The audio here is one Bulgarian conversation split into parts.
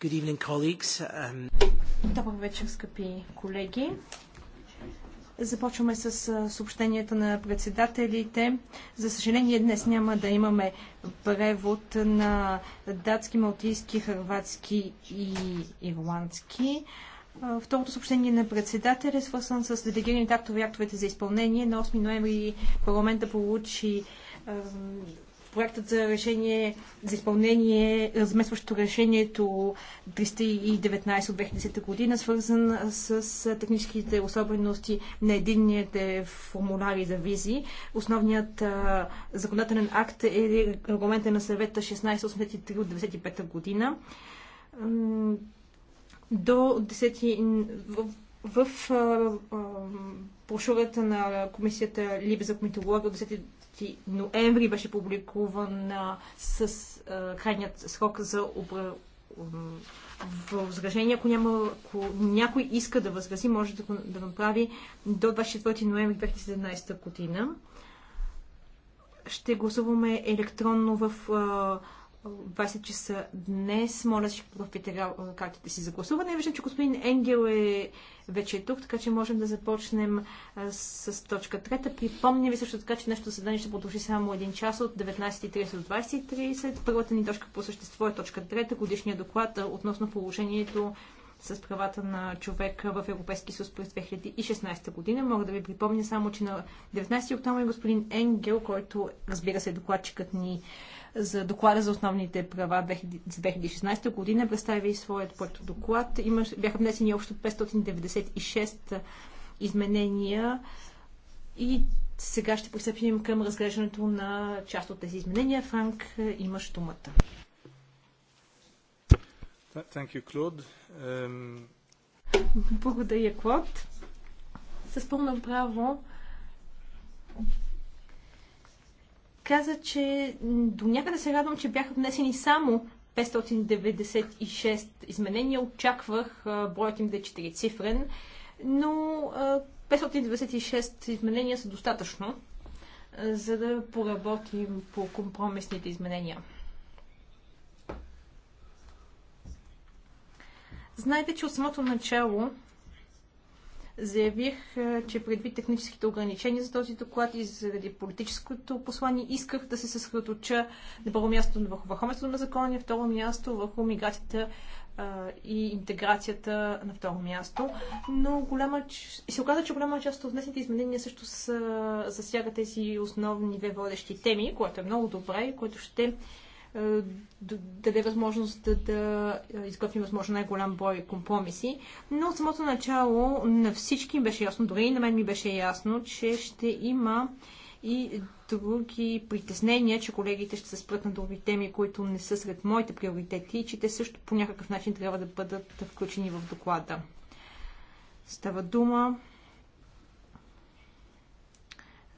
Um, Добър вечер, скъпи колеги. Започваме с съобщенията на председателите. За съжаление, днес няма да имаме превод на датски, малтийски, хърватски и ирландски. Второто съобщение на председател е свързан с делегираните актове и актовете за изпълнение. На 8 ноември парламента получи проектът за решение за изпълнение, разместващо решението 319 от 2010 година, свързан с техническите особености на единните формуляри за визи. Основният законодателен акт е регламента на съвета 1683 от 1995 година. До 10 в прошурата на комисията Либе за комитология от 30 ноември беше публикуван с крайният срок за обра... възражение. Ако, няма, ако някой иска да възрази, може да го да направи до 24 ноември 2017 година. Ще гласуваме електронно в 20 часа днес. Моля ще си подготвите картите си за гласуване. Виждам, че господин Енгел е вече е тук, така че можем да започнем а, с точка трета. Припомня ви също така, че нашето съдание ще продължи само един час от 19.30 до 20.30. Първата ни точка по същество е точка трета, годишния доклад относно положението с правата на човека в Европейския съюз през 2016 година. Мога да ви припомня само, че на 19 октомври господин Енгел, който разбира се е докладчикът ни за доклада за основните права за 2016 година, представи своят проект доклад. Имаш, бяха внесени общо 596 изменения и сега ще пристъпим към разглеждането на част от тези изменения. Франк, имаш думата. Thank you, Claude. Благодаря, Клод. С пълно право каза, че до някъде се радвам, че бяха внесени само 596 изменения. Очаквах броят им да е 4 цифрен, но 596 изменения са достатъчно, за да поработим по компромисните изменения. Знаете, че от самото начало заявих, е, че предвид техническите ограничения за този доклад и заради политическото послание исках да се съсредоточа на първо място върху върховенството на закона и на второ място върху миграцията е, и интеграцията на второ място. Но голяма, се оказа, че голяма част от внесените изменения също са, засяга тези основни две водещи теми, което е много добре и което ще е, даде възможност да, да е, изготвим възможно най-голям брой компромиси. Но от самото начало на всички им беше ясно, дори и на мен ми беше ясно, че ще има и други притеснения, че колегите ще се спрат на други теми, които не са сред моите приоритети и че те също по някакъв начин трябва да бъдат включени в доклада. Става дума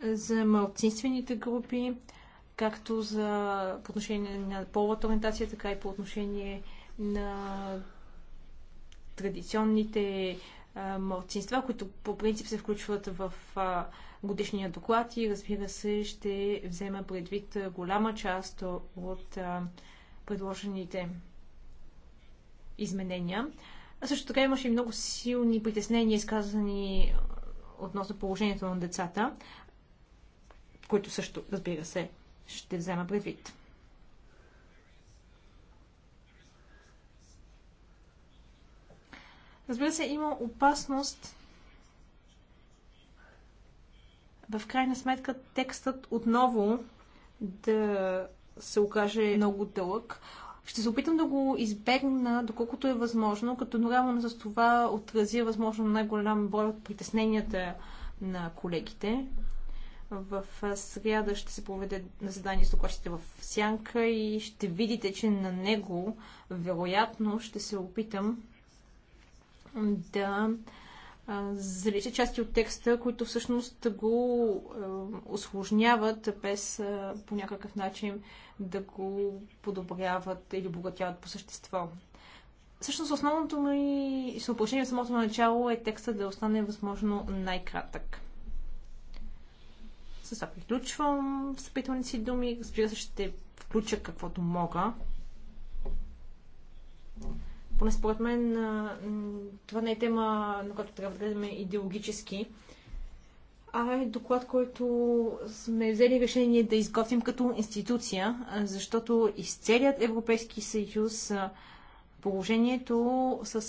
за малцинствените групи, както за, по отношение на половата ориентация, така и по отношение на традиционните малцинства, които по принцип се включват в годишния доклад и разбира се ще взема предвид голяма част от предложените изменения. А също така имаше и много силни притеснения, изказани относно положението на децата, които също, разбира се, ще взема предвид. Разбира се, има опасност в крайна сметка текстът отново да се окаже много дълъг. Ще се опитам да го избегна, доколкото е възможно, като едновременно с това отразя възможно най-голям брой от притесненията на колегите. В сряда ще се проведе заседание с докладчите в Сянка и ще видите, че на него вероятно ще се опитам да залича части от текста, които всъщност го осложняват, без по някакъв начин да го подобряват или обогатяват по същество. Всъщност основното ми съоплощение в самото начало е текста да остане възможно най-кратък. С това приключвам встъпителни си думи. Разбира се, ще включа каквото мога. Поне според мен това не е тема, на която трябва да гледаме идеологически, а е доклад, който сме взели решение да изготвим като институция, защото из целият Европейски съюз положението с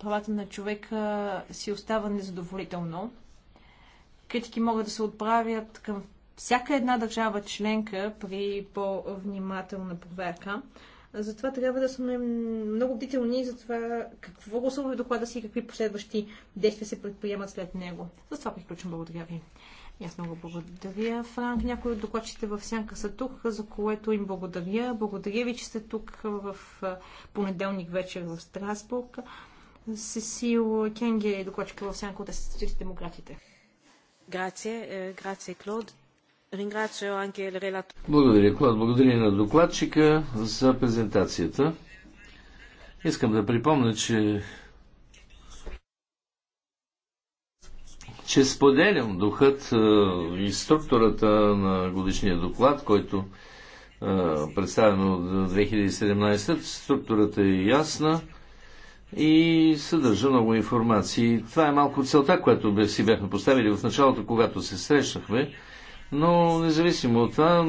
правата на човека си остава незадоволително. Критики могат да се отправят към всяка една държава членка при по-внимателна проверка. Затова трябва да сме много бдителни за това какво гласува доклада си и какви последващи действия се предприемат след него. За това приключвам. Благодаря ви. И аз много благодаря, Франк. Някои от докладчите в Сянка са тук, за което им благодаря. Благодаря ви, че сте тук в понеделник вечер в Страсбург. Сесил Кенге е докладчика в Сянка от Демократите. Eh, Благодаря, Клод. Благодаря на докладчика за презентацията. Искам да припомня, че че споделям духът е, и структурата на годишния доклад, който е, представен от 2017. Структурата е ясна и съдържа много информации. Това е малко целта, която си бяхме поставили в началото, когато се срещнахме. Но независимо от това,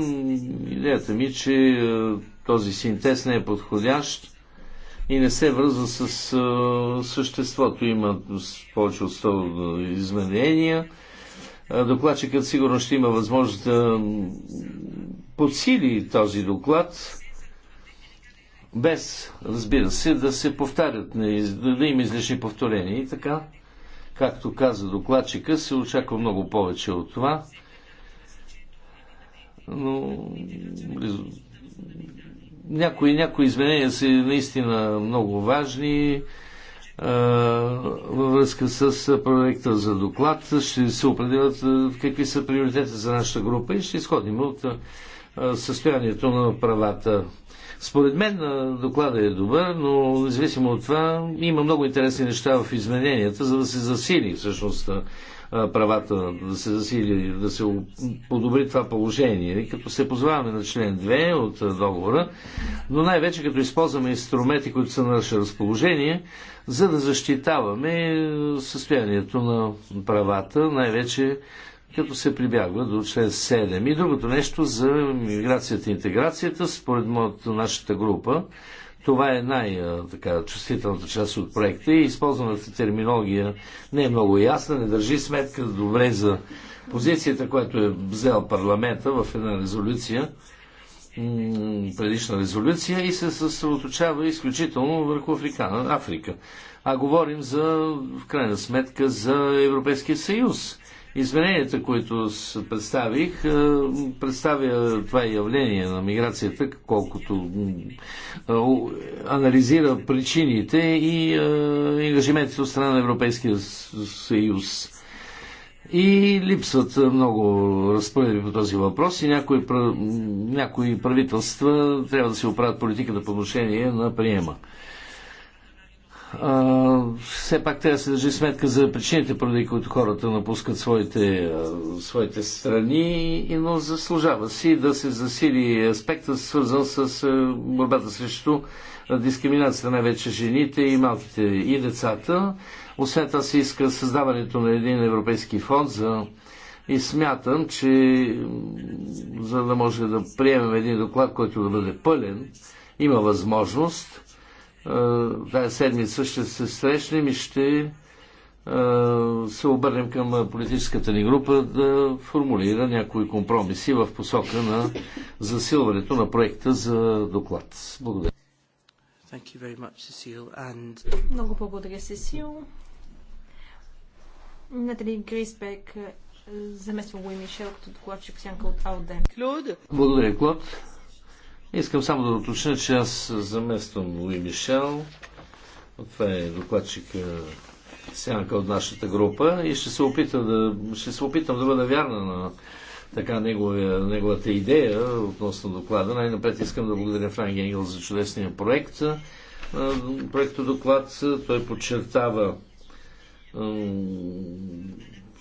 идеята ми, е, че е, този синтез не е подходящ и не се връзва с е, съществото. Има повече от 100 изменения. Докладчикът сигурно ще има възможност да подсили този доклад без, разбира се, да се повтарят, да, има излишни повторения и така. Както каза докладчика, се очаква много повече от това. Но някои, някои изменения са наистина много важни във връзка с проекта за доклад. Ще се определят какви са приоритети за нашата група и ще изходим от състоянието на правата според мен доклада е добър, но независимо от това има много интересни неща в измененията, за да се засили всъщност правата, да се засили, да се подобри това положение, като се позваваме на член 2 от договора, но най-вече като използваме инструменти, които са на наше разположение, за да защитаваме състоянието на правата, най-вече като се прибягва до член 7. И другото нещо за миграцията и интеграцията, според моята, нашата група, това е най-чувствителната част от проекта и използваната терминология не е много ясна, не държи сметка добре за позицията, която е взел парламента в една резолюция, предишна резолюция и се съсредоточава изключително върху Африкана, Африка. А говорим за, в крайна сметка, за Европейския съюз Измененията, които представих, е, представя това явление на миграцията, колкото е, анализира причините е, и ангажиментите от страна на Европейския съюз. И липсват много разпоредби по този въпрос и някои, някои правителства трябва да се оправят политика на отношение на приема а, все пак трябва да се държи сметка за причините, поради които хората напускат своите, а, своите страни, но заслужава си да се засили аспекта, свързан с а, борбата срещу дискриминацията, най-вече жените и малките и децата. Освен това се иска създаването на един европейски фонд за и смятам, че за да може да приемем един доклад, който да бъде пълен, има възможност тази седмица ще се срещнем и ще се обърнем към политическата ни група да формулира някои компромиси в посока на засилването на проекта за доклад. Благодаря. Much, And... Много благодаря, Сесил. Натали Грисбек замества го Мишел като докладчик сянка от АОД. Благодаря, Клод. Искам само да уточня, че аз замествам Луи Мишел. Това е докладчик е, сянка от нашата група и ще се, опитам да, ще се опитам да бъда вярна на така неговия, неговата идея относно доклада. Най-напред искам да благодаря Франк Енгел за чудесния проект. Е, проекто доклад той подчертава е,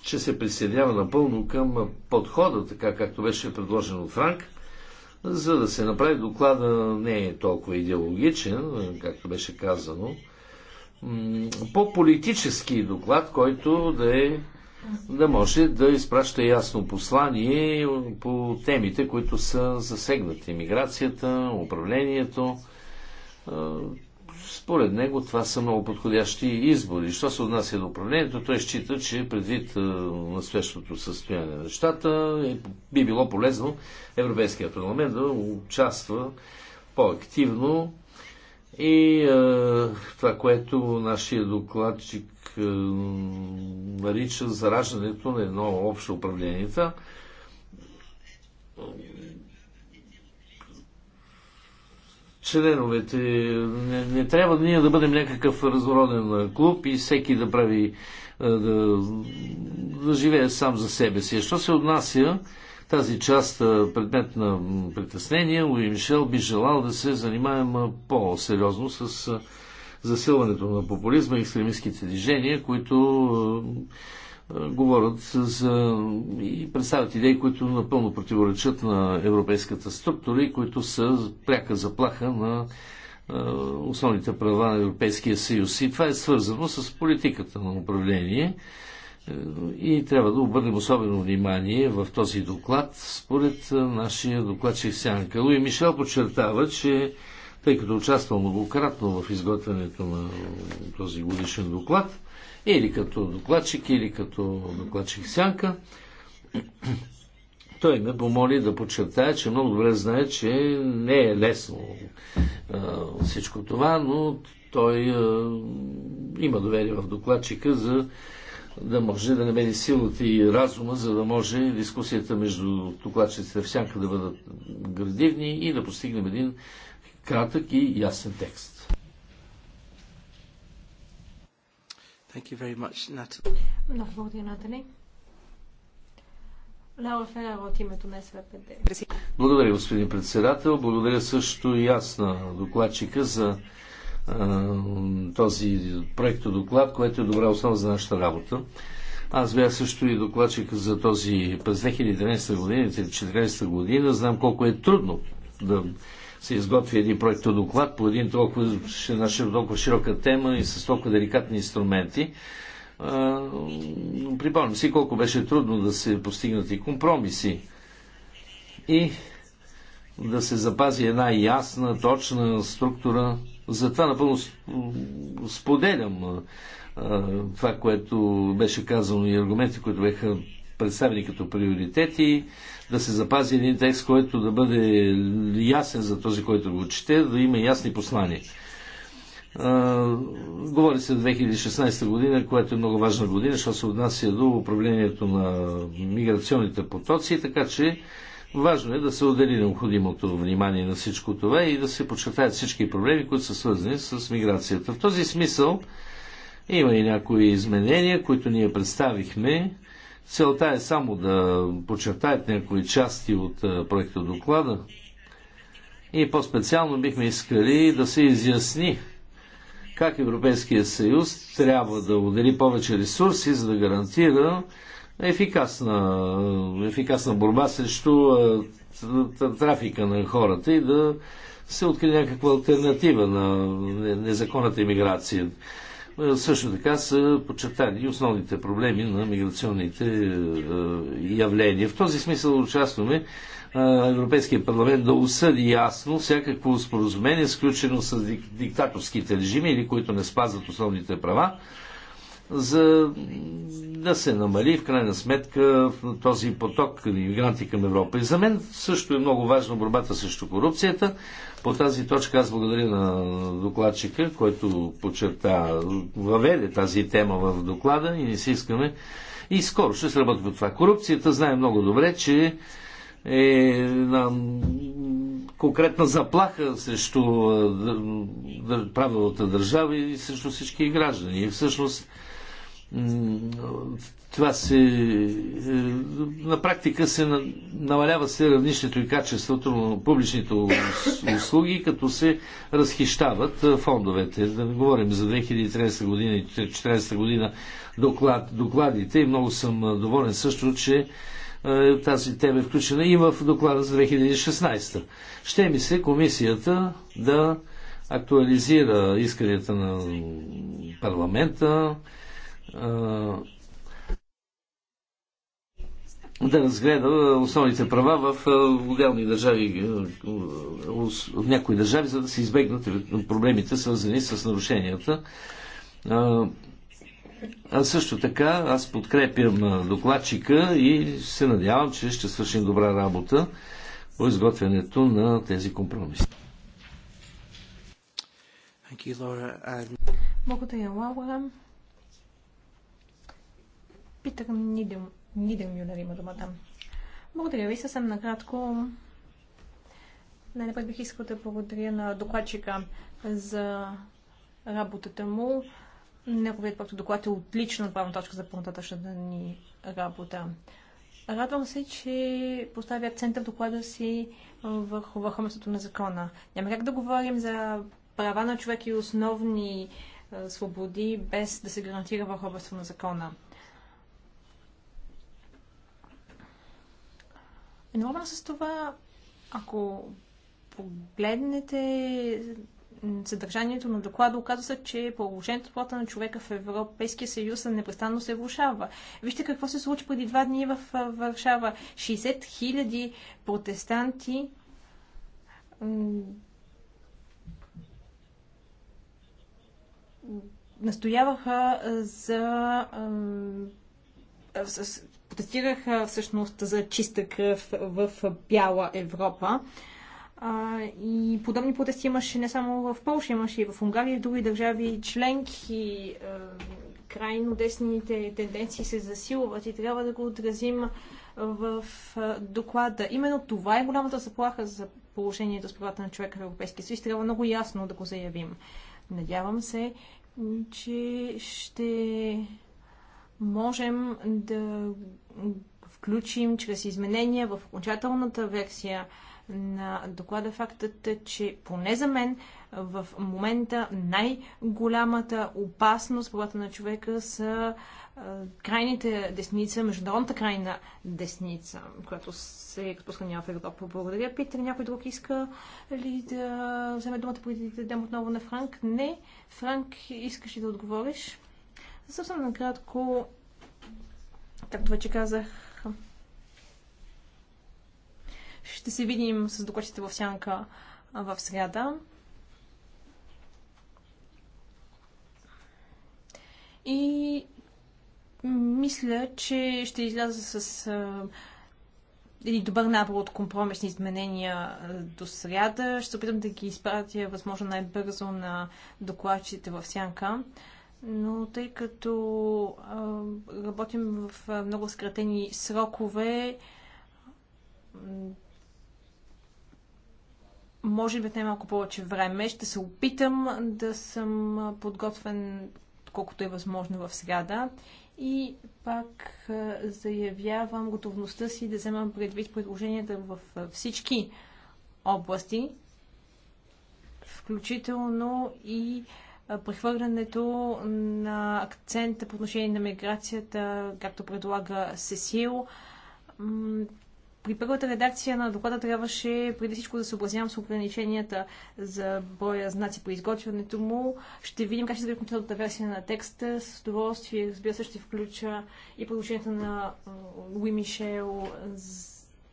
че се присъединява напълно към подхода, така както беше предложен от Франк за да се направи доклада не е толкова идеологичен, както беше казано, по-политически доклад, който да е да може да изпраща ясно послание по темите, които са засегнати. Миграцията, управлението, според него това са много подходящи избори. Що се отнася до управлението, той счита, че предвид е, настоящото състояние на нещата е, би било полезно Европейския парламент да участва по-активно и е, това, което нашия докладчик е, нарича зараждането на едно общо управление. членовете. Не, не трябва ние да бъдем някакъв разроден клуб и всеки да прави да, да живее сам за себе си. Що се отнася тази част предмет на притеснение, Луи Мишел би желал да се занимаем по-сериозно с засилването на популизма и екстремистските движения, които говорят за и представят идеи, които напълно противоречат на европейската структура и които са пряка заплаха на основните права на Европейския съюз. И това е свързано с политиката на управление. Е, и трябва да обърнем особено внимание в този доклад, според нашия докладчик Сянка. Луи Мишел подчертава, че тъй като участвал многократно в изготвянето на този годишен доклад, или като докладчик, или като докладчик сянка. Той ме помоли да подчертая, че много добре знае, че не е лесно а, всичко това, но той а, има доверие в докладчика за да може да намери силата и разума, за да може дискусията между докладчиците в сянка да бъдат градивни и да постигнем един кратък и ясен текст. Thank you very much, Natalie. Много благодаря, Натали. Ферера от името на СВПД. Благодаря, господин председател. Благодаря също и аз на докладчика за а, този проекто доклад, което е добра основа за нашата работа. Аз бях също и докладчик за този през 2013 година, 2014 година. Знам колко е трудно да се изготви един проекто доклад по един толкова, толкова широка тема и с толкова деликатни инструменти. Припомням си колко беше трудно да се постигнат и компромиси. И да се запази една ясна, точна структура. Затова напълно споделям това, което беше казано и аргументи, които бяха представени като приоритети, да се запази един текст, който да бъде ясен за този, който го чете, да има ясни послания. говори се за 2016 година, която е много важна година, защото се отнася до управлението на миграционните потоци, така че важно е да се отдели необходимото внимание на всичко това и да се подчертаят всички проблеми, които са свързани с миграцията. В този смисъл има и някои изменения, които ние представихме Целта е само да подчертаят някои части от е, проекта доклада и по-специално бихме искали да се изясни как Европейския съюз трябва да удари повече ресурси, за да гарантира ефикасна, е, ефикасна борба срещу е, трафика на хората и да се открие някаква альтернатива на незаконната иммиграция. Е, също така са подчертани основните проблеми на миграционните е, явления. В този смисъл участваме е, Европейския парламент да осъди ясно всякакво споразумение, сключено с диктаторските режими или които не спазват основните права, за да се намали в крайна сметка този поток на иммигранти към Европа. И за мен също е много важно борбата срещу корупцията, по тази точка аз благодаря на докладчика, който подчерта, въведе тази тема в доклада и не си искаме. И скоро ще сработи по това. Корупцията знае много добре, че е на конкретна заплаха срещу правилната държава и срещу всички граждани. И всъщност това се, е, на практика се намалява се равнището и качеството на публичните услуги, като се разхищават е, фондовете. Да не говорим за 2013 година и 2014 година доклад, докладите и много съм е, доволен също, че тази тема е включена и в доклада за 2016. Ще ми се комисията да актуализира исканията на парламента, да разгледа основните права в е, отделни държави, е, в някои държави, за да се избегнат проблемите, свързани с нарушенията. Е, а също така аз подкрепям докладчика и се надявам, че ще свършим добра работа по изготвянето на тези компромиси. Um, Благодаря, Лаура. Питър Нидем ми има думата. Благодаря ви съвсем накратко. Най-напред бих искал да благодаря на докладчика за работата му. Неговият проект доклад е отлично от правна точка за по ни работа. Радвам се, че поставя център в доклада си върху върховенството на закона. Няма как да говорим за права на човек и основни свободи без да се гарантира върховенство на закона. Едновременно с това, ако погледнете съдържанието на доклада, оказва се, че положението плата на човека в Европейския съюз непрестанно се влушава. Вижте какво се случи преди два дни в Варшава. 60 хиляди протестанти настояваха за протестираха всъщност за чиста кръв в бяла Европа. А, и подобни протести имаше не само в Польша, имаше и в Унгария и в други държави членки. А, крайно десните тенденции се засилват и трябва да го отразим в доклада. Именно това е голямата заплаха за положението с правата на човека в Европейския съюз. Трябва много ясно да го заявим. Надявам се, че ще можем да включим чрез изменения в окончателната версия на доклада фактът, е, че поне за мен в момента най-голямата опасност правата на човека са крайните десница, международната крайна десница, която се разпространява в Европа. Благодаря. Питер, някой друг иска ли да вземе думата преди да дам отново на Франк? Не. Франк, искаш ли да отговориш? Съвсем накратко, както вече казах, ще се видим с докладчите в сянка в среда. И мисля, че ще изляза с а, един добър набор от компромисни изменения до сряда. Ще опитам да ги изпратя възможно най-бързо на докладчите в сянка но тъй като а, работим в а, много скратени срокове, може би най-малко повече време. Ще се опитам да съм подготвен колкото е възможно в среда. И пак заявявам готовността си да вземам предвид предложенията в всички области, включително и а, прехвърлянето на акцента по отношение на миграцията, както предлага Сесил. При първата редакция на доклада трябваше преди всичко да се образявам с ограниченията за броя знаци при изготвянето му. Ще видим как ще изглежда компютърната версия на текста. С удоволствие, разбира се, ще включа и предложението на Луи Мишел,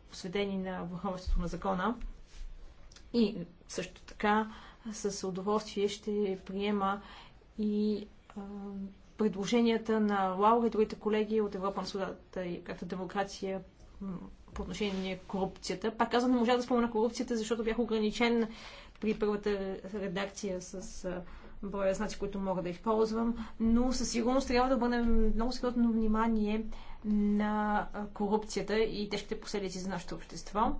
посветени на върховенството на закона. И също така с удоволствие ще приема и а, предложенията на Лаура и другите колеги от Европа на свободата и както демокрация по отношение на корупцията. Пак казвам, не можах да спомена корупцията, защото бях ограничен при първата редакция с броя знаци, които мога да използвам, но със сигурност трябва да бъдем много сериозно внимание на корупцията и тежките последици за нашето общество.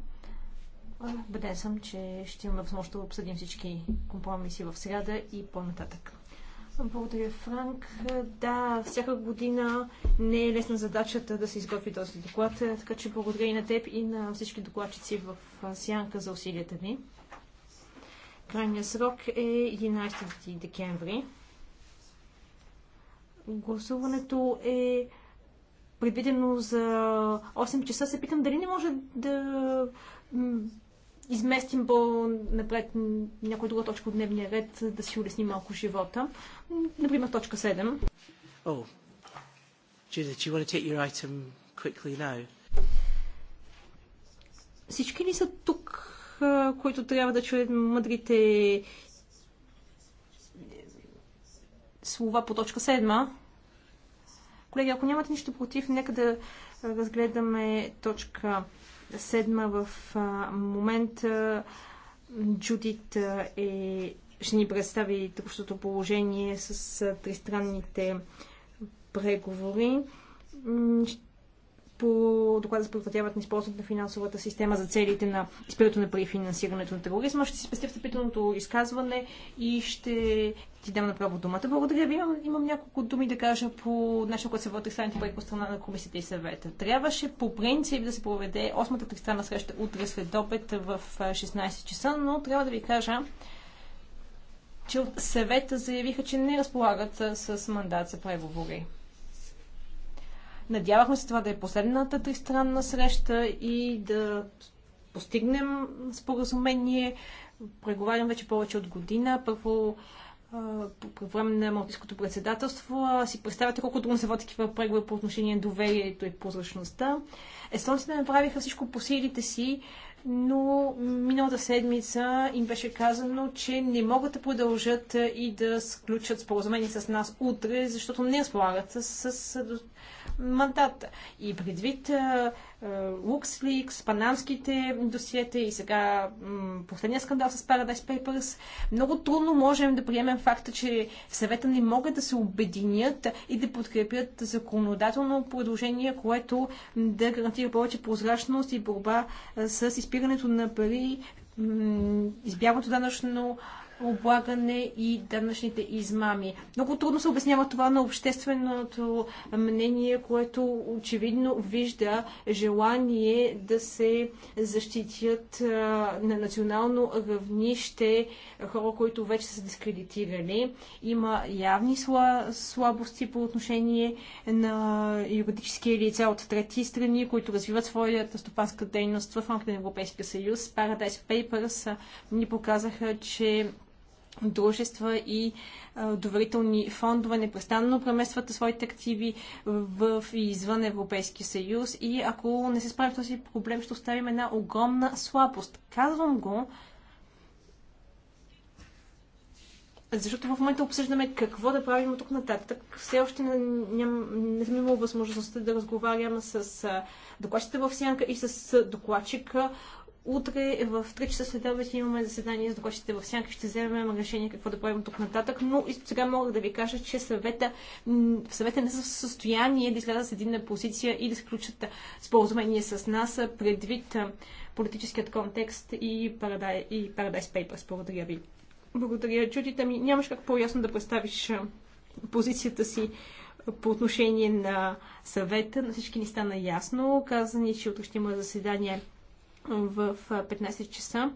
Убеден съм, че ще имаме възможност да обсъдим всички компромиси в среда и по-нататък. Благодаря, Франк. Да, всяка година не е лесна задачата да се изготви този доклад, така че благодаря и на теб и на всички докладчици в Сянка за усилията ви. Крайният срок е 11 декември. Гласуването е предвидено за 8 часа. Се питам дали не може да изместим по-напред някоя друга точка от дневния ред, да си улесни малко живота. Например, точка 7. Oh. Judith, do you want to take your item quickly now? Всички ли са тук, които трябва да чуят мъдрите слова по точка 7? Колеги, ако нямате нищо против, нека да разгледаме точка седма в момента Джудит е, ще ни представи текущото положение с тристранните преговори по доклада за предотвратяването на използването на финансовата система за целите на изпирането на пари финансирането на тероризма. Ще си спестя встъпителното изказване и ще ти дам направо думата. Благодаря ви. Имам, имам няколко думи да кажа по начина, което се води тристранните проекти от страна на комисията и съвета. Трябваше по принцип да се проведе осмата тристранна среща утре след обед в 16 часа, но трябва да ви кажа, че от съвета заявиха, че не разполагат с мандат за преговори. Надявахме се това да е последната тристранна среща и да постигнем споразумение. Преговарям вече повече от година. Първо по време на Малтийското председателство. Си представяте колко трудно се водят такива преговори по отношение на доверието и прозрачността. Естонците направиха всичко по силите си, но миналата седмица им беше казано, че не могат да продължат и да сключат споразумение с нас утре, защото не разполагат с мандат. И предвид Луксликс, панамските досиета и сега последния скандал с Paradise Papers, много трудно можем да приемем факта, че в съвета не могат да се обединят и да подкрепят законодателно предложение, което да гарантира повече прозрачност и борба с изпирането на пари, избягването данъчно облагане и данъчните измами. Много трудно се обяснява това на общественото мнение, което очевидно вижда желание да се защитят на национално равнище хора, които вече са дискредитирали. Има явни слабости по отношение на юридически лица от трети страни, които развиват своята стопанска дейност в рамките на Европейския съюз. Paradise Papers ни показаха, че дружества и доверителни фондове непрестанно преместват своите активи в и извън Европейския съюз и ако не се справим с този проблем, ще оставим една огромна слабост. Казвам го, защото в момента обсъждаме какво да правим от тук нататък. Все още не, ням, не съм имала възможността да разговарям с докладчите в сянка и с докладчика Утре в 3 часа след обед имаме заседание с докладчите в сянка. Ще вземем решение какво да правим тук нататък, но и сега мога да ви кажа, че съвета, в съвета не са е в състояние да излязат с единна позиция и да сключат споразумение с нас предвид политическият контекст и Paradise, и Paradise Papers. Благодаря ви. Благодаря, Джудита ми. Нямаш как по-ясно да представиш позицията си по отношение на съвета. На всички ни стана ясно. Каза ни, че утре ще има заседание в 15 часа.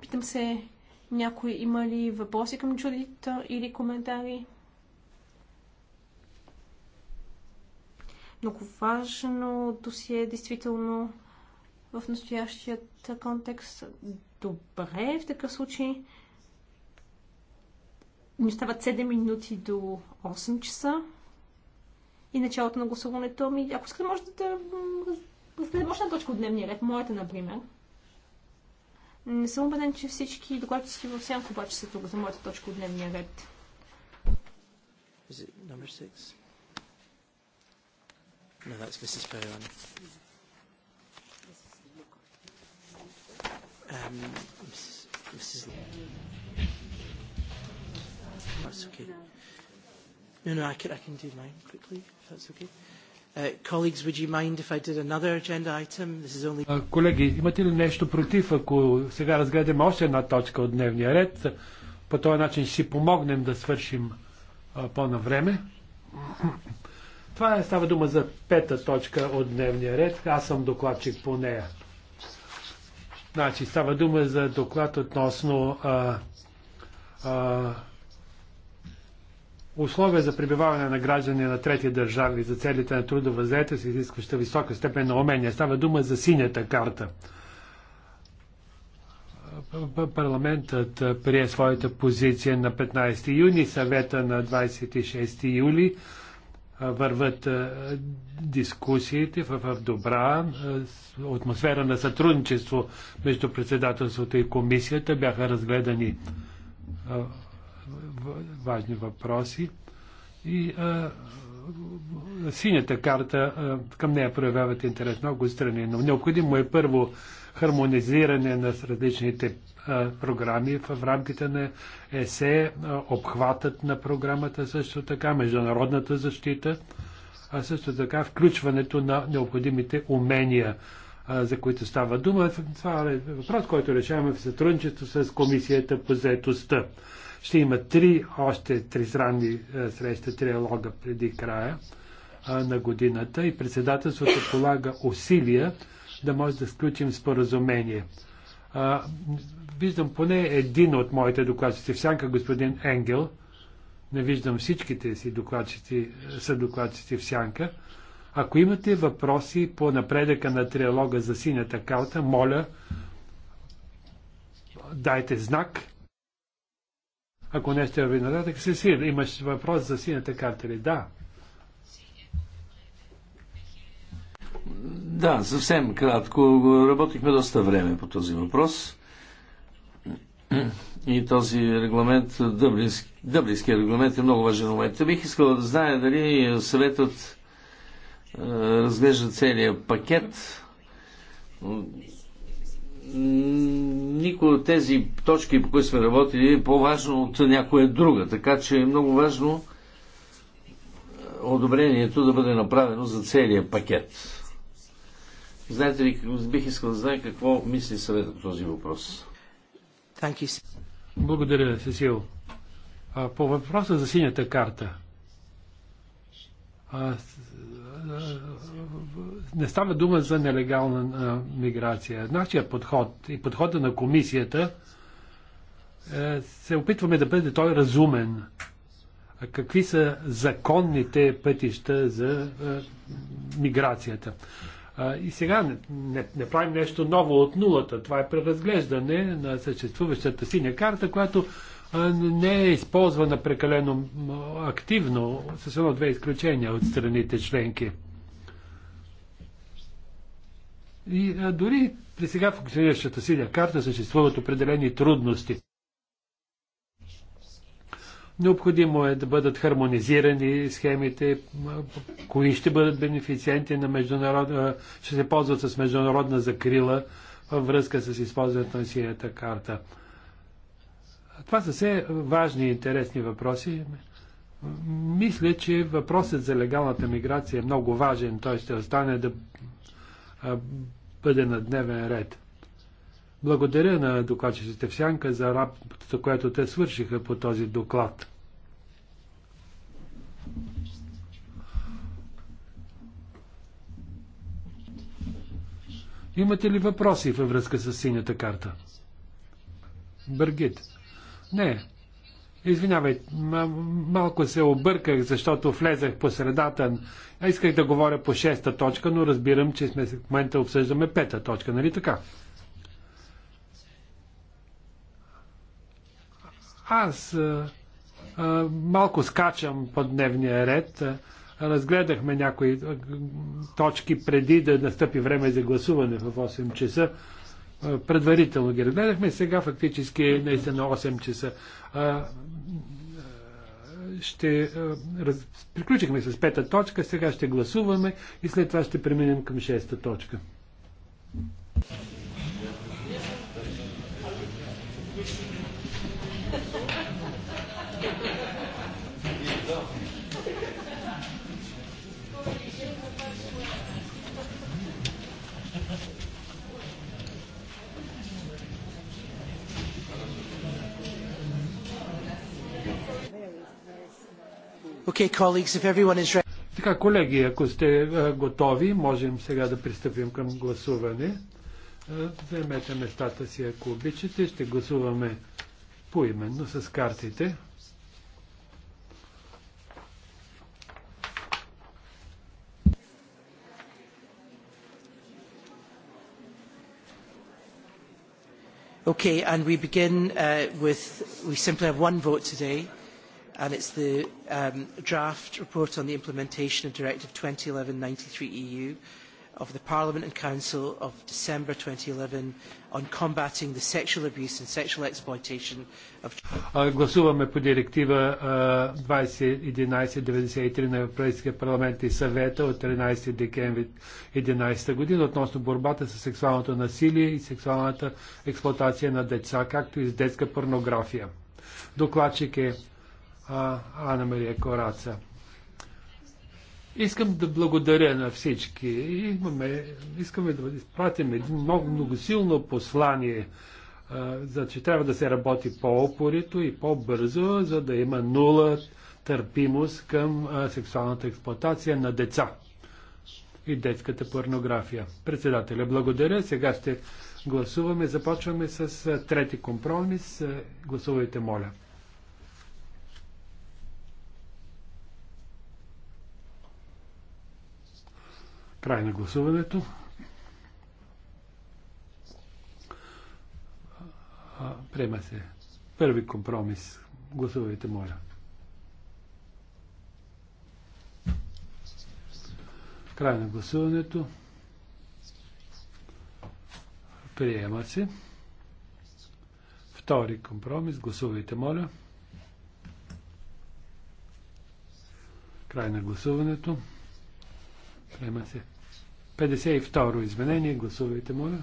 Питам се, някой има ли въпроси към Джудит или коментари? Много важно досие, действително, в настоящият контекст. Добре, в такъв случай ни остават 7 минути до 8 часа и началото на гласуването ми. Ако искате, можете да разгледате е точка от дневния ред, моята, например. Не съм убеден, че всички докладчици в сянка обаче са тук за моята точка от дневния ред. Is it number six? No, that's Mrs. Ferron. Um, Mrs. Mrs. That's okay. No, no, I can, I can do mine quickly, if that's okay. Uh, colleagues, would you mind if I did another agenda item? This is only... Uh, колеги, имате ли нещо против, ако сега разгледаме още една точка от дневния ред? По този начин ще си помогнем да свършим по-навреме. Това е, става дума за пета точка от дневния ред. Аз съм докладчик по нея. Значи, става дума за доклад относно условия за пребиваване на граждани на трети държави за целите на трудова се изискваща висока степен на умения. Става дума за синята карта. Парламентът прие своята позиция на 15 юни, съвета на 26 юли. Върват дискусиите в добра атмосфера на сътрудничество между председателството и комисията. Бяха разгледани важни въпроси и а, синята карта а, към нея проявяват интерес много страни, но необходимо е първо хармонизиране на различните а, програми в рамките на ЕСЕ, а, обхватът на програмата също така, международната защита, а също така включването на необходимите умения, а, за които става дума. Това е въпрос, който решаваме в сътрудничество с Комисията по заетостта. Ще има три, още три сранни е, срещи, триалога преди края на годината и председателството полага усилия да може да сключим споразумение. А, виждам поне един от моите докладчици, всяка господин Енгел, не виждам всичките си докладчици, е, са докладчици в сянка. Ако имате въпроси по напредъка на триалога за синята карта, моля, дайте знак ако не ще върви нататък, си. имаш въпрос за синята карта ли? Да. Да, съвсем кратко. Работихме доста време по този въпрос. И този регламент, дъблински, дъблинския регламент е много важен момент. Бих искал да знае дали съветът разглежда целият пакет никой от тези точки, по които сме работили, е по-важно от някоя друга. Така че е много важно е, одобрението да бъде направено за целия пакет. Знаете ли, бих искал да знае какво мисли съвета по този въпрос. Благодаря, Сесил. по въпроса за синята карта не става дума за нелегална а, миграция. Нашия подход и подхода на комисията е, се опитваме да бъде той разумен. А какви са законните пътища за а, е, миграцията? А, и сега не, не, не правим нещо ново от нулата. Това е преразглеждане на съществуващата синя карта, която не е използвана прекалено активно, с едно-две изключения от страните членки. И а, дори при сега функциониращата синя карта съществуват определени трудности. Необходимо е да бъдат хармонизирани схемите, кои ще бъдат бенефициенти на международна, ще се ползват с международна закрила във връзка с използването на синята карта. Това са все важни и интересни въпроси. Мисля, че въпросът за легалната миграция е много важен. Той ще остане да бъде на дневен ред. Благодаря на докладчиците в Сянка за работата, която те свършиха по този доклад. Имате ли въпроси във връзка с синята карта? Бъргит. Не. Извинявай, малко се обърках, защото влезах по средата. Аз исках да говоря по шеста точка, но разбирам, че сме в момента обсъждаме пета точка, нали така? Аз а, а, малко скачам по дневния ред. Разгледахме някои точки преди да настъпи време за гласуване в 8 часа предварително ги разгледахме. Сега фактически е наистина 8 часа. Ще раз... приключихме с пета точка, сега ще гласуваме и след това ще преминем към шеста точка. Thank you. Okay, colleagues, if everyone is ready. Така, колеги, ако сте е, готови, можем сега да пристъпим към гласуване. Е, вземете местата си, ако обичате. Ще гласуваме поименно с картите. Okay, and we begin uh, with, we simply have one vote today and it is the um, draft report on the implementation of Directive 2011-93-EU e of the Parliament and Council of December 2011 on combating the sexual abuse and sexual exploitation of Гласуваме по директива 2011-93 на Европейския парламент и съвета от 13 декември 2011 година относно борбата с сексуалното насилие и сексуалната експлоатация на деца, както и с детска порнография. Докладчик е Анна Мария Кораца. Искам да благодаря на всички. Имаме, искаме да изпратим един много, много силно послание, а, за че трябва да се работи по-опорито и по-бързо, за да има нула търпимост към а, сексуалната експлуатация на деца и детската порнография. Председателя, благодаря. Сега ще гласуваме. Започваме с трети компромис. Гласувайте, моля. Край на гласуването. Приема се. Първи компромис. Гласувайте, моля. Край на гласуването. Приема се. Втори компромис. Гласувайте, моля. Край на гласуването. Приема се. 52-ро изменение. Гласувайте, моля.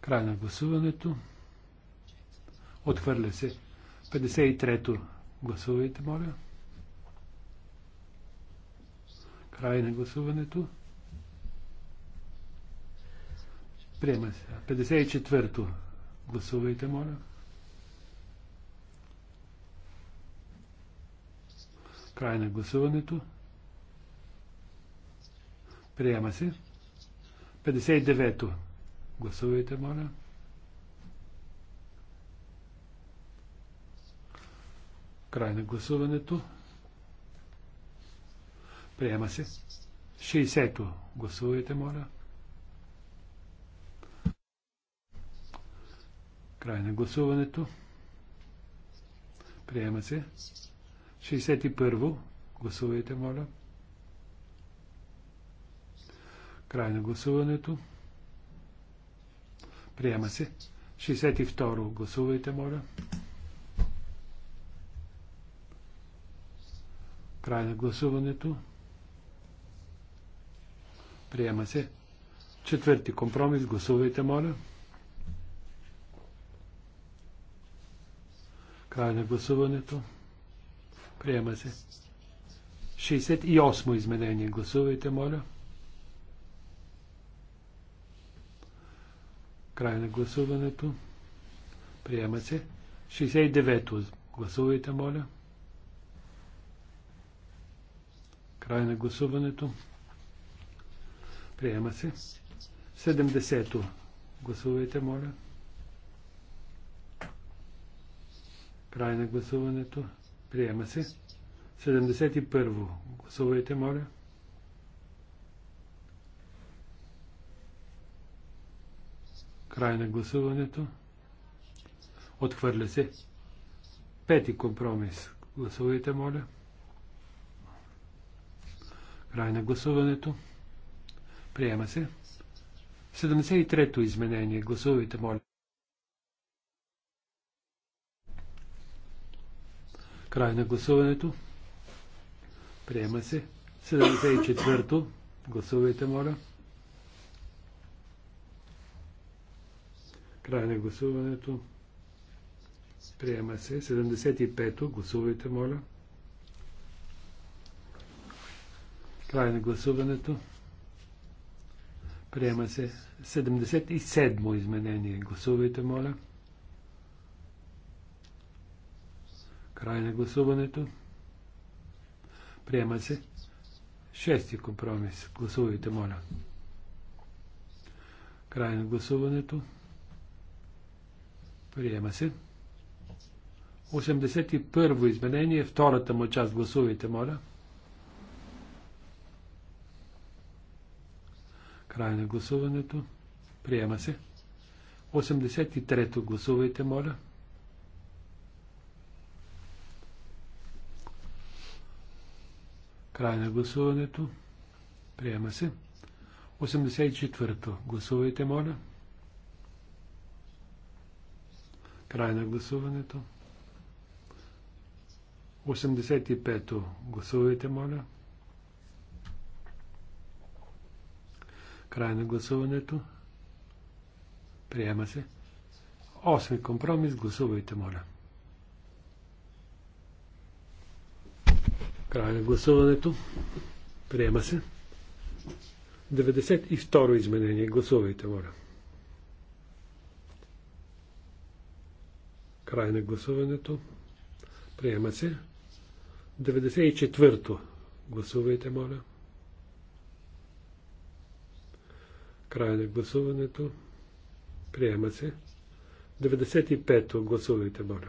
Край на гласуването. Отхвърля се. 53-то. Гласувайте, моля. Край на гласуването. Приема се. 54-то. Гласувайте, моля. Край на гласуването. Приема се. 59-то. Гласувайте, моля. Край на гласуването. Приема се. 60-то. Гласувайте, моля. Край на гласуването. Приема се. 61. Гласувайте, моля. Край на гласуването. Приема се. 62. Гласувайте, моля. Край на гласуването. Приема се. Четвърти компромис. Гласувайте, моля. Край на гласуването. Приема се. 68 изменение. Гласувайте, моля. Край на гласуването. Приема се. 69-то. Гласувайте, моля. Край на гласуването. Приема се. 70-то. Гласувайте, моля. Край на гласуването. Приема се. 71. Гласувайте, моля. Край на гласуването. Отхвърля се. Пети компромис. Гласувайте, моля. Край на гласуването. Приема се. 73-то изменение. Гласувайте, моля. Край на гласуването. Приема се. 74-то. Гласувайте, моля. Край на гласуването. Приема се. 75-то. Гласувайте, моля. Край на гласуването. Приема се. 77-мо изменение. Гласувайте, моля. Край на гласуването. Приема се. Шести компромис. Гласувайте, моля. Край на гласуването. Приема се. 81-во изменение, втората му част. Гласувайте, моля. Край на гласуването. Приема се. 83-то. Гласувайте, моля. Край на гласуването. Приема се. 84-то. Гласувайте, моля. Край на гласуването. 85-то. Гласувайте, моля. Край на гласуването. Приема се. Осми компромис. Гласувайте, моля. Край на гласуването. Приема се. 92 изменение. Гласувайте, моля. Край на гласуването. Приема се. 94-то. Гласувайте, моля. Край на гласуването. Приема се. 95-то. Гласувайте, моля.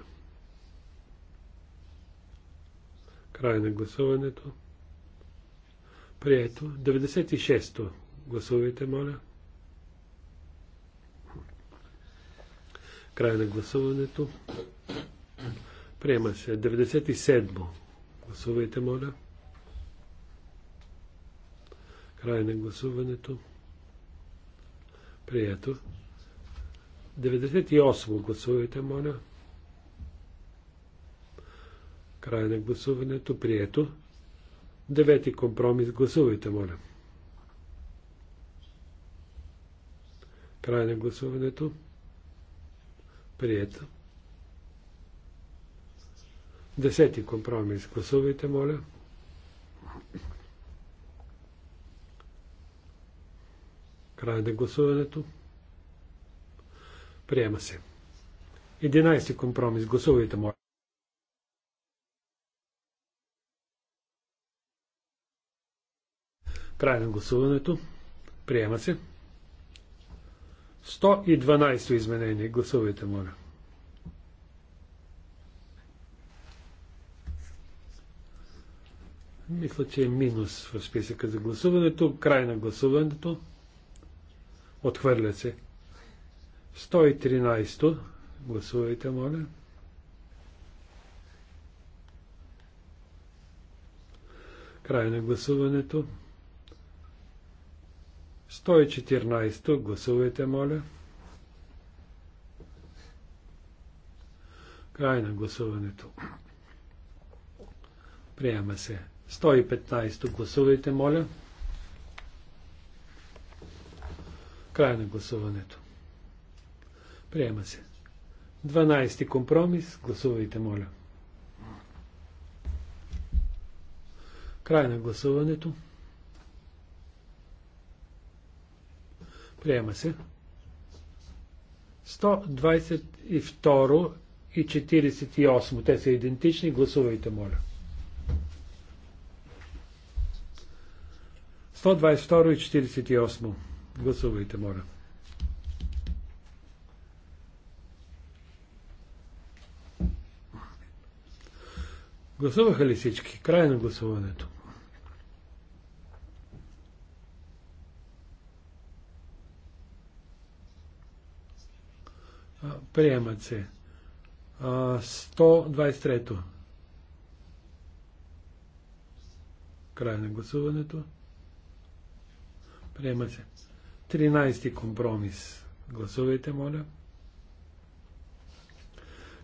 Край на гласуването. Прието. 96-то. Гласувайте, моля. Край на гласуването. Приема се. 97-мо. Гласувайте, моля. Край на гласуването. Прието. 98-мо. Гласувайте, моля. Край на гласуването. Прието. Девети компромис. Гласувайте, моля. Край на гласуването. Прието. Десети компромис. Гласувайте, моля. Край на гласуването. Приема се. Единайсти компромис. Гласувайте, моля. Край на гласуването. Приема се. 112 изменение. Гласувайте, моля. Мисля, че е минус в списъка за гласуването. Край на гласуването. Отхвърля се. 113. Гласувайте, моля. Край на гласуването. 114. Гласувайте, моля. Край на гласуването. Приема се. 115. Гласувайте, моля. Край на гласуването. Приема се. 12. Компромис. Гласувайте, моля. Край на гласуването. Приема се. 122 и 48. Те са идентични. Гласувайте, моля. 122 и 48. Гласувайте, моля. Гласуваха ли всички? Край на гласуването. Приемат се. 123-то. Край на гласуването. Приема се. 13-ти компромис. Гласувайте, моля.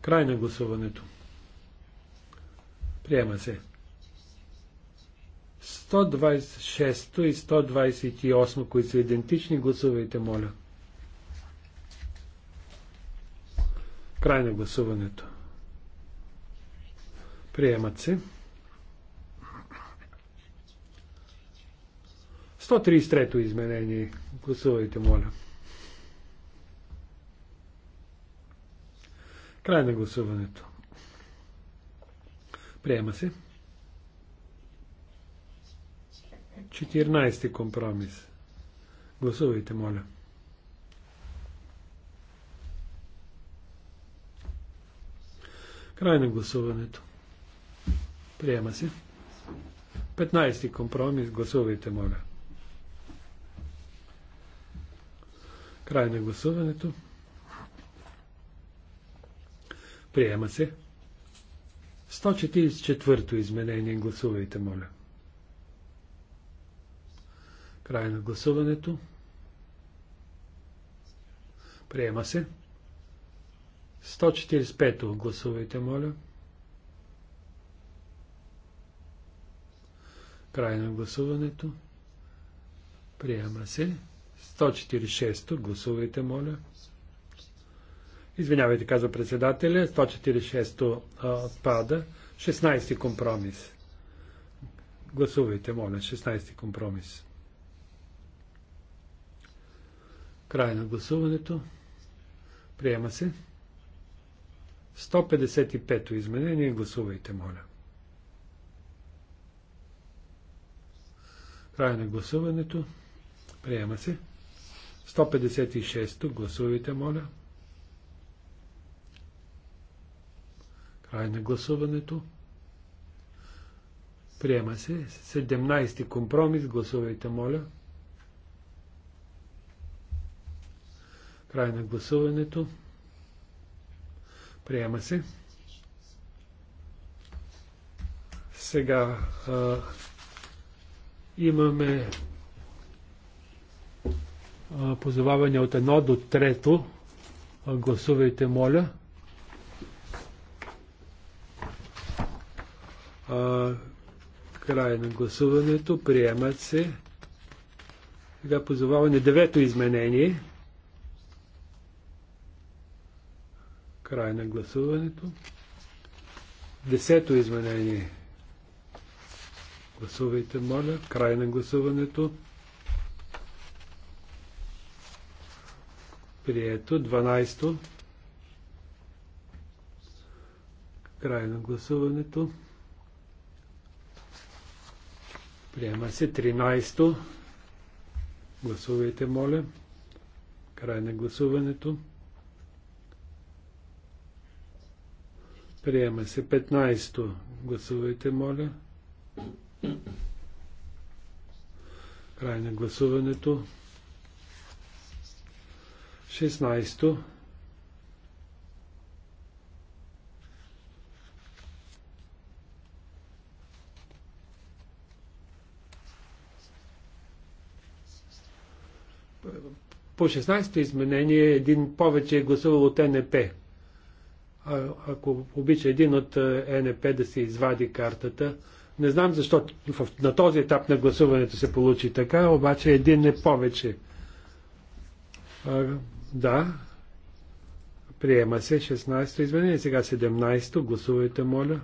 Край на гласуването. Приема се. 126 и 128, които са идентични, гласувайте, моля. 126. Край на гласуването. Приемат се. 133-то изменение. Гласувайте, моля. Край на гласуването. Приема се. 14 компромис. Гласувайте, моля. Край на гласуването. Приема се. 15 ти компромис. Гласувайте, моля. Край на гласуването. Приема се. 144-то изменение. Гласувайте, моля. Край на гласуването. Приема се. 145-то гласувайте, моля. Край на гласуването. Приема се. 146-то гласувайте, моля. Извинявайте, казва председателя. 146-то отпада. 16-ти компромис. Гласувайте, моля. 16-ти компромис. Край на гласуването. Приема се. 155-то изменение. Гласувайте, моля. Край на гласуването. Приема се. 156-то. Гласувайте, моля. Край на гласуването. Приема се. 17-ти компромис. Гласувайте, моля. Край на гласуването. Приема се. Сега а, имаме а, позоваване от едно до трето. А, гласувайте, моля. А, край на гласуването. Приемат се. Сега позоваване девето изменение. Край на гласуването. Десето изменение. Гласувайте, моля. Край на гласуването. Прието. 12. Край на гласуването. Приема се 13. Гласувайте, моля. Край на гласуването. Приема се 15-то. Гласувайте, моля. Край на гласуването. 16-то. По 16-то изменение един повече е гласувал от НП. А, ако обича един от е, НП да се извади картата, не знам защо на този етап на гласуването се получи така, обаче един е повече. А, да, приема се 16-то изменение, сега 17-то, гласувайте, моля.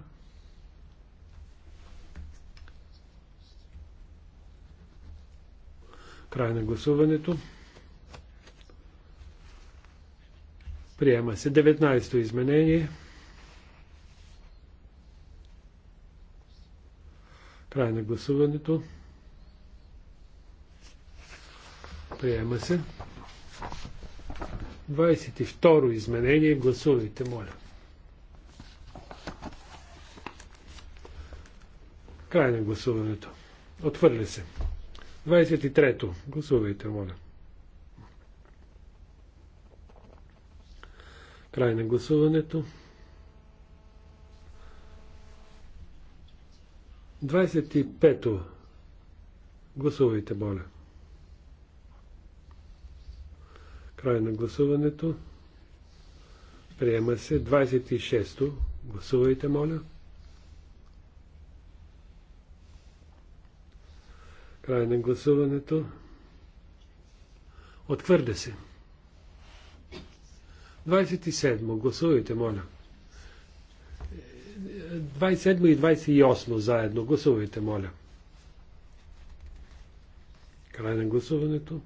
Край на гласуването. Приема се 19-то изменение. Край на гласуването. Приема се. 22-ро изменение. Гласувайте, моля. Край на гласуването. Отвърля се. 23-то. Гласувайте, моля. 24 Край на гласуването. 25-то. Гласувайте, моля. Край на гласуването. Приема се 26-то. Гласувайте, моля. Край на гласуването. Отхвърля се. 27. Гласувайте, моля. 27 и 28 заедно. Гласувайте, моля. Край на гласуването.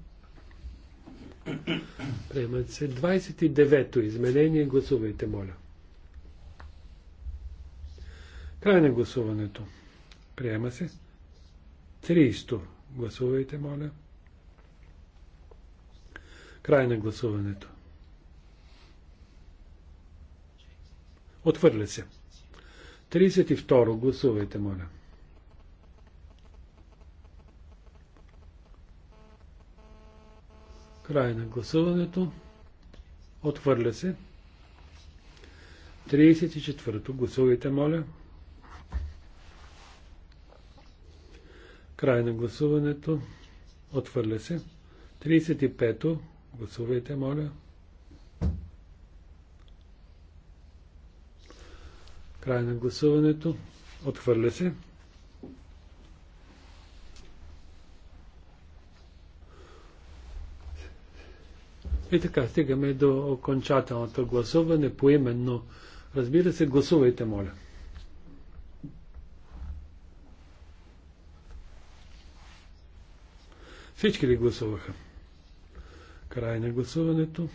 Приемат се 29-то изменение. Гласувайте, моля. Край на гласуването. Приема се. 30 Гласувайте, моля. Край на гласуването. Отвърля се. 32. Гласувайте, моля. Край на гласуването. Отвърля се. 34-то. Гласувайте, моля. Край на гласуването. Отвърля се. 35 Гласувайте, моля. Край на гласуването. Отхвърля се. И така, стигаме до окончателното гласуване, поименно. Разбира се, гласувайте, моля. Всички ли гласуваха? Край на гласуването.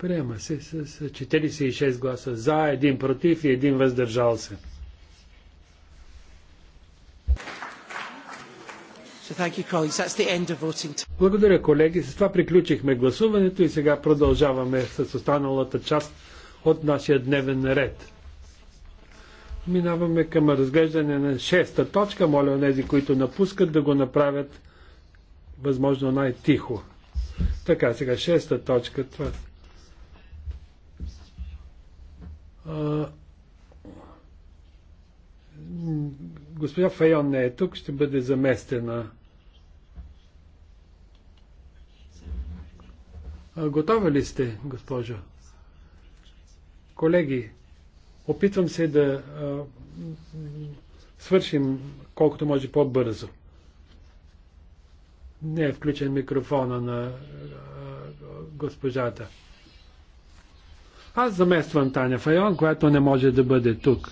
Приема се с 46 гласа за, един против и един въздържал се. Благодаря, колеги. С това приключихме гласуването и сега продължаваме с останалата част от нашия дневен ред. Минаваме към разглеждане на шеста точка. Моля онези, които напускат, да го направят възможно най-тихо. Така, сега шеста точка. Това е. Госпожа Файон не е тук, ще бъде заместена. Готова ли сте, госпожо? Колеги, опитвам се да а, свършим колкото може по-бързо. Не е включен микрофона на а, госпожата. Аз замествам Таня Файон, която не може да бъде тук.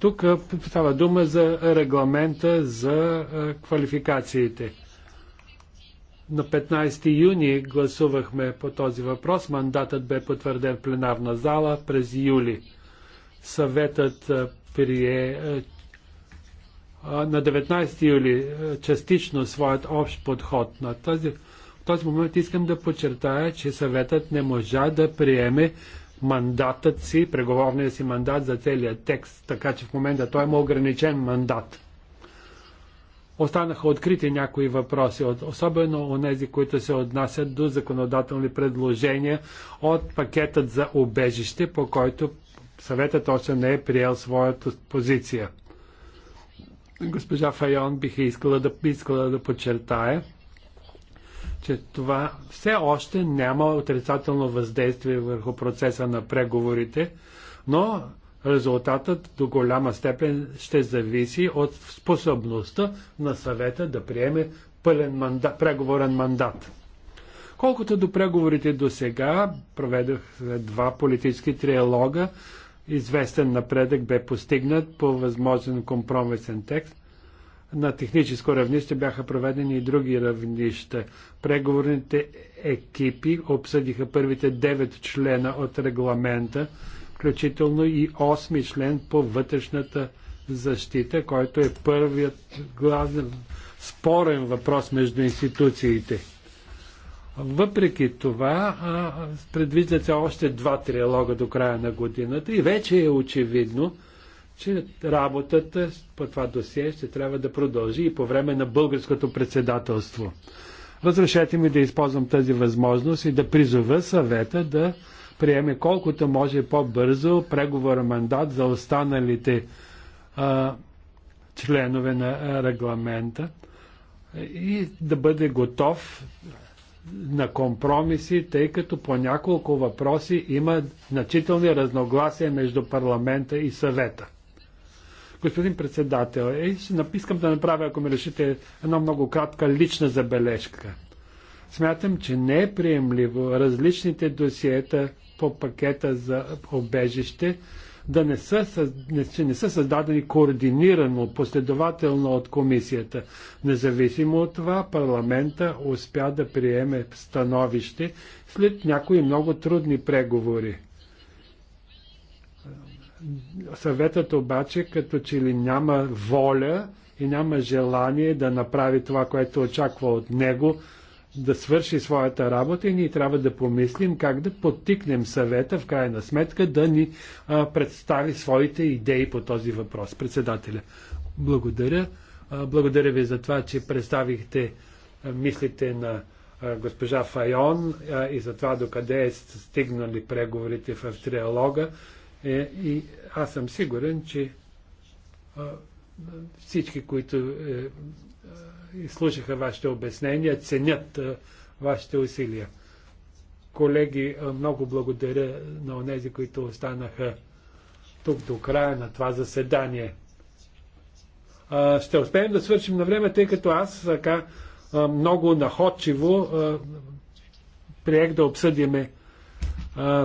Тук става дума за регламента за квалификациите. На 15 юни гласувахме по този въпрос. Мандатът бе потвърден в пленарна зала през юли. Съветът прие на 19 юли частично своят общ подход на тази този момент искам да подчертая, че съветът не можа да приеме мандатът си, преговорния си мандат за целия текст, така че в момента той има ограничен мандат. Останаха открити някои въпроси, особено нези, които се отнасят до законодателни предложения от пакетът за обежище, по който съветът още не е приел своята позиция. Госпожа Файон бих искала да, искала да подчертая, че това все още няма отрицателно въздействие върху процеса на преговорите, но резултатът до голяма степен ще зависи от способността на съвета да приеме пълен мандат, преговорен мандат. Колкото до преговорите до сега, проведох два политически триалога, известен напредък бе постигнат по възможен компромисен текст – на техническо равнище бяха проведени и други равнища. Преговорните екипи обсъдиха първите 9 члена от регламента, включително и 8 член по вътрешната защита, който е първият главен спорен въпрос между институциите. Въпреки това, предвиждат се още два трилога до края на годината и вече е очевидно, че работата по това досие ще трябва да продължи и по време на българското председателство. Възрешете ми да използвам тази възможност и да призова съвета да приеме колкото може по-бързо преговора мандат за останалите а, членове на регламента и да бъде готов на компромиси, тъй като по няколко въпроси има значителни разногласия между парламента и съвета. Господин председател, е, напискам да направя, ако ми решите, една много кратка лична забележка. Смятам, че не е приемливо различните досиета по пакета за обежище да не са, че не са създадени координирано, последователно от комисията. Независимо от това, парламента успя да приеме становище след някои много трудни преговори. Съветът обаче като че ли няма воля и няма желание да направи това, което очаква от него, да свърши своята работа и ние трябва да помислим как да подтикнем съвета в крайна сметка да ни а, представи своите идеи по този въпрос. Председателя, благодаря. А, благодаря ви за това, че представихте а, мислите на а, госпожа Файон а, и за това докъде е стигнали преговорите в триалога. Е, и аз съм сигурен, че а, всички, които е, е, слушаха вашите обяснения, ценят е, вашите усилия. Колеги, е, много благодаря на онези, които останаха тук до края на това заседание. А, ще успеем да свършим на време, тъй като аз така е, много находчиво а, е, приех да обсъдиме е,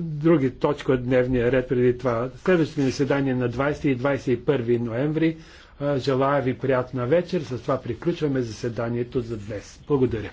други точки от дневния ред преди това. Следващото заседание на 20 и 21 ноември. Желая ви приятна вечер. С това приключваме заседанието за днес. Благодаря.